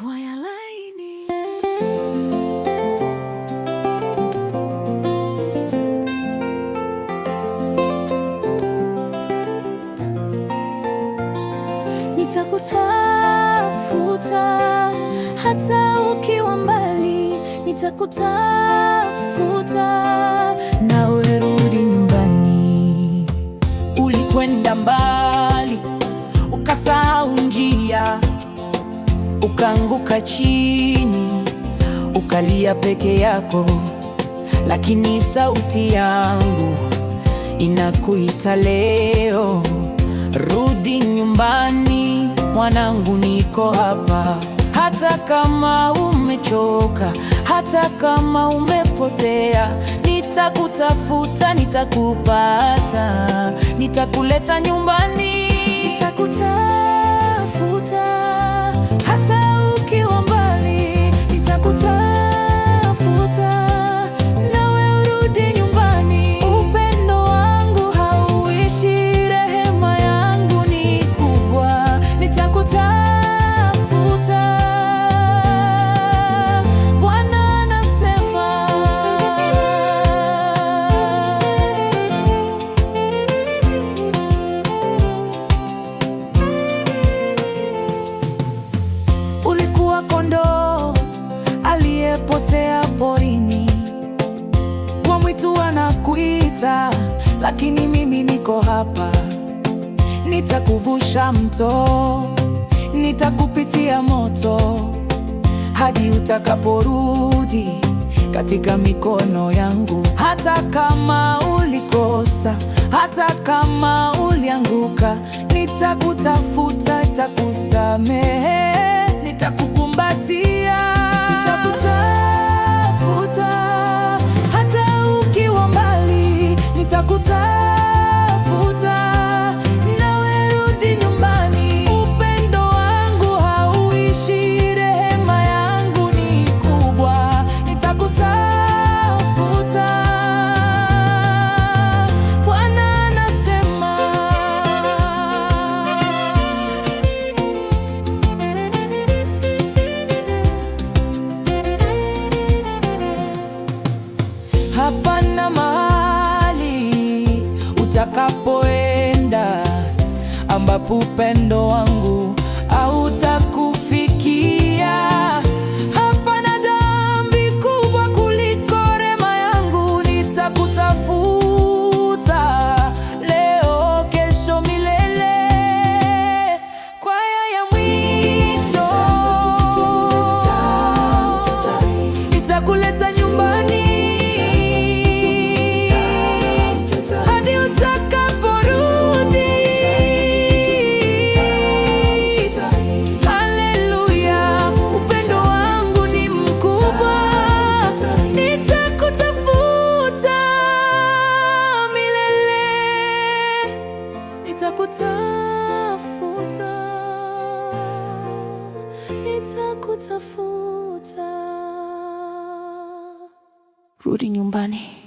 kwaya laini. Nitakutafuta hata ukiwa mbali, nitakutafuta nawe rudi nyumbani. Ulikwenda mbali ukasa ukaanguka chini, ukalia peke yako, lakini sauti yangu inakuita leo, rudi nyumbani mwanangu, niko hapa. Hata kama umechoka, hata kama umepotea, nitakutafuta, nitakupata, nitakuleta nyumbani. umekataa, lakini mimi niko hapa, nitakuvusha mto, nitakupitia moto hadi utakaporudi katika mikono yangu. Hata kama ulikosa, hata kama ulianguka, nitakutafuta, nitakusamehe, nitakukumbatia utakapoenda, ambapo upendo wangu hautakufikia. Hapana dhambi kubwa kuliko rema yangu, nitakutafuta leo, kesho, milele. Kwaya ya mwisho itakuleta nyumbani. nitakutafuta, nitakutafuta, rudi nyumbani.